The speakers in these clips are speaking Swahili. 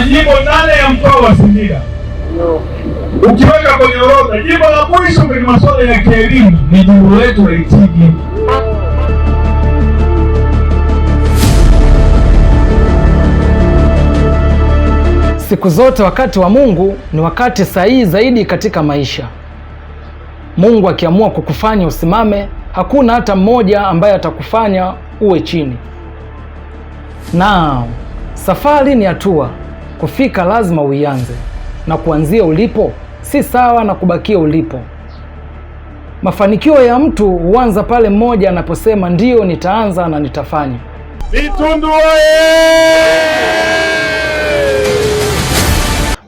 jimbo nane ya mkoa wa Singida ukiweka kwenye orodha, jimbo la mwisho kwenye masuala ya kielimu ni jimbo letu la Itigi. Siku zote wakati wa Mungu ni wakati sahihi zaidi katika maisha. Mungu akiamua kukufanya usimame, hakuna hata mmoja ambaye atakufanya uwe chini. Na safari ni hatua Kufika lazima uianze, na kuanzia ulipo si sawa na kubakia ulipo. Mafanikio ya mtu huanza pale mmoja anaposema ndiyo, nitaanza na nitafanya. Vitundu oye!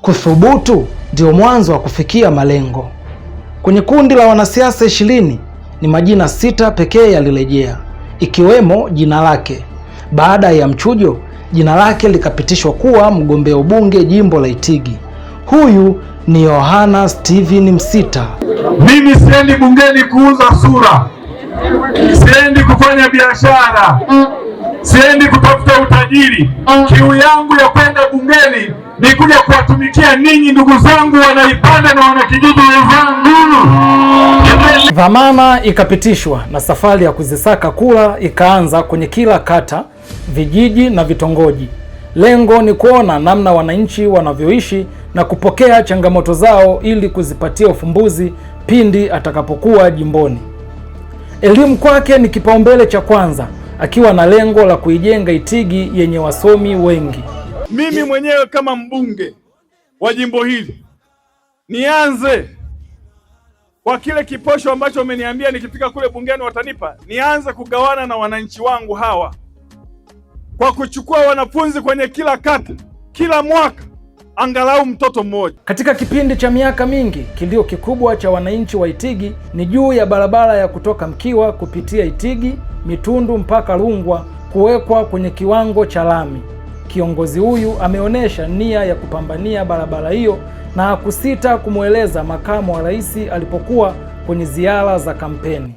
Kuthubutu ndio mwanzo wa kufikia malengo. Kwenye kundi la wanasiasa ishirini ni majina sita pekee yalirejea, ikiwemo jina lake. Baada ya mchujo, jina lake likapitishwa kuwa mgombea ubunge jimbo la Itigi. Huyu ni Yohana Steven Msita. Mimi siendi bungeni kuuza sura, siendi kufanya biashara, siendi kutafuta utajiri. Kiu yangu ya kwenda bungeni ni kuja kuwatumikia ninyi ndugu zangu wanaipanda na wanakijiji wenzangu. Dhamana ikapitishwa na safari ya kuzisaka kura ikaanza kwenye kila kata vijiji na vitongoji. Lengo ni kuona namna wananchi wanavyoishi na kupokea changamoto zao ili kuzipatia ufumbuzi pindi atakapokuwa jimboni. Elimu kwake ni kipaumbele cha kwanza, akiwa na lengo la kuijenga Itigi yenye wasomi wengi. Mimi mwenyewe kama mbunge wa jimbo hili nianze kwa kile kiposho ambacho umeniambia nikifika kule bungeni watanipa, nianze kugawana na wananchi wangu hawa kwa kuchukua wanafunzi kwenye kila kata, kila mwaka angalau mtoto mmoja. Katika kipindi cha miaka mingi, kilio kikubwa cha wananchi wa Itigi ni juu ya barabara ya kutoka Mkiwa kupitia Itigi, Mitundu mpaka Rungwa kuwekwa kwenye kiwango cha lami. Kiongozi huyu ameonyesha nia ya kupambania barabara hiyo na hakusita kumweleza makamu wa rais alipokuwa kwenye ziara za kampeni.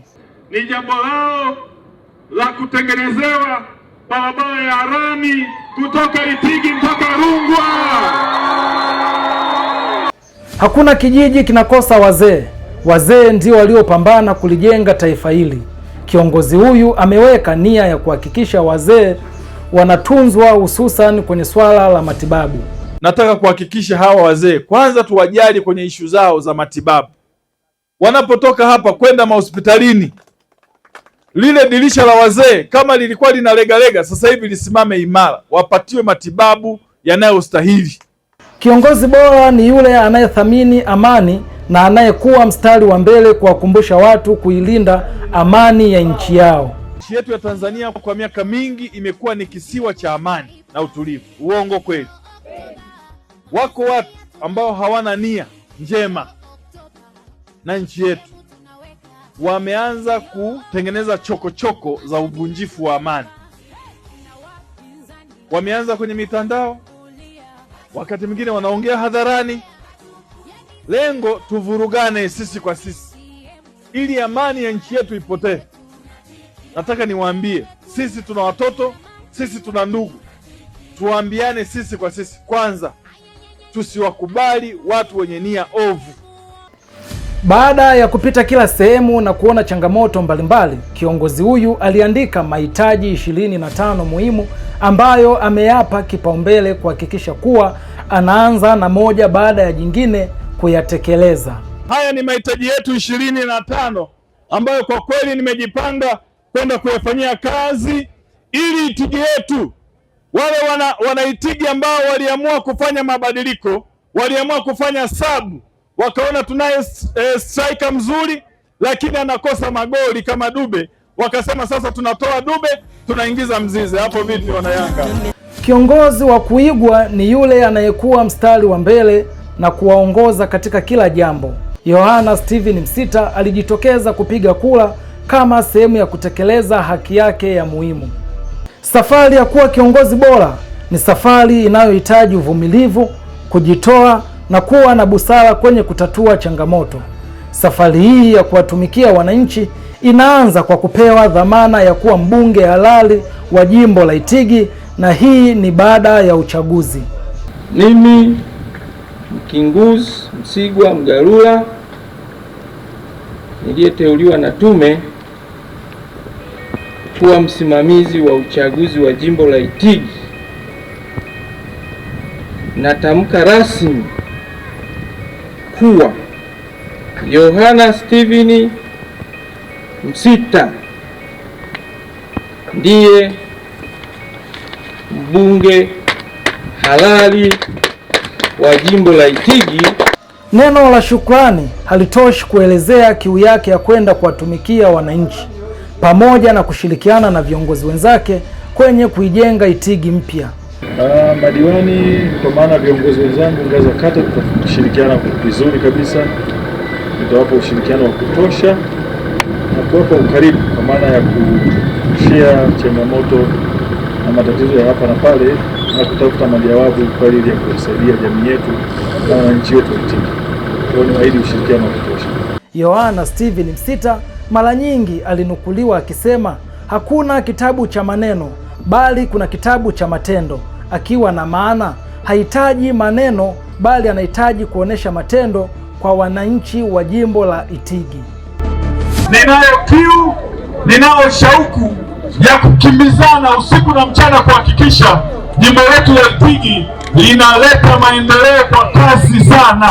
Ni jambo lao la kutengenezewa barabara ya rami kutoka Itigi mpaka Rungwa. Hakuna kijiji kinakosa wazee. Wazee ndio waliopambana kulijenga taifa hili. Kiongozi huyu ameweka nia ya kuhakikisha wazee wanatunzwa, hususan kwenye swala la matibabu. Nataka kuhakikisha hawa wazee kwanza tuwajali kwenye ishu zao za matibabu, wanapotoka hapa kwenda mahospitalini lile dirisha la wazee kama lilikuwa linalegalega, sasa hivi lisimame imara, wapatiwe matibabu yanayostahili. Kiongozi bora ni yule anayethamini amani na anayekuwa mstari wa mbele kuwakumbusha watu kuilinda amani ya nchi yao. Nchi yetu ya Tanzania kwa miaka mingi imekuwa ni kisiwa cha amani na utulivu. Uongo kweli? Wako watu ambao hawana nia njema na nchi yetu wameanza kutengeneza chokochoko choko za uvunjifu wa amani. Wameanza kwenye mitandao, wakati mwingine wanaongea hadharani, lengo tuvurugane sisi kwa sisi, ili amani ya nchi yetu ipotee. Nataka niwaambie, sisi tuna watoto, sisi tuna ndugu, tuambiane sisi kwa sisi kwanza, tusiwakubali watu wenye nia ovu. Baada ya kupita kila sehemu na kuona changamoto mbalimbali, kiongozi huyu aliandika mahitaji 25 muhimu ambayo ameyapa kipaumbele kuhakikisha kuwa anaanza na moja baada ya jingine kuyatekeleza. Haya ni mahitaji yetu ishirini na tano ambayo kwa kweli nimejipanga kwenda kuyafanyia kazi ili Itigi yetu wale wana, ambao waliamua kufanya mabadiliko, waliamua kufanya sabu wakaona tunaye e, striker mzuri lakini anakosa magoli kama Dube, wakasema sasa tunatoa Dube tunaingiza Mzize. Hapo vipi wanayanga? Kiongozi wa kuigwa ni yule anayekuwa mstari wa mbele na kuwaongoza katika kila jambo. Yohana Steven Msita alijitokeza kupiga kura kama sehemu ya kutekeleza haki yake ya muhimu. Safari ya kuwa kiongozi bora ni safari inayohitaji uvumilivu, kujitoa na kuwa na busara kwenye kutatua changamoto. Safari hii ya kuwatumikia wananchi inaanza kwa kupewa dhamana ya kuwa mbunge halali wa jimbo la Itigi, na hii ni baada ya uchaguzi. Mimi Mkinguzi Msigwa Mgalula niliyeteuliwa na tume kuwa msimamizi wa uchaguzi wa jimbo la Itigi, natamka rasmi kuwa Yohana Steveni Msita ndiye mbunge halali wa jimbo la Itigi. Neno la shukrani halitoshi kuelezea kiu yake ya kwenda kuwatumikia wananchi pamoja na kushirikiana na viongozi wenzake kwenye kuijenga Itigi mpya. Uh, madiwani kwa maana viongozi wenzangu ngazi ya kata tutashirikiana vizuri kabisa, tutawapa ushirikiano wa kutosha na kuwapa ukaribu kwa maana ya kushea changamoto na matatizo ya hapa na pale na kutafuta majawabu kwa ajili ya kusaidia jamii yetu na wananchi wetu witiki. Kwa hiyo niwaahidi ushirikiano wa kutosha. Yohana Steven Msita mara nyingi alinukuliwa akisema hakuna kitabu cha maneno bali kuna kitabu cha matendo, akiwa na maana hahitaji maneno, bali anahitaji kuonyesha matendo kwa wananchi wa jimbo la Itigi. Ninayo kiu, ninayo shauku ya kukimbizana usiku na mchana kuhakikisha jimbo letu la Itigi linaleta maendeleo kwa kasi sana.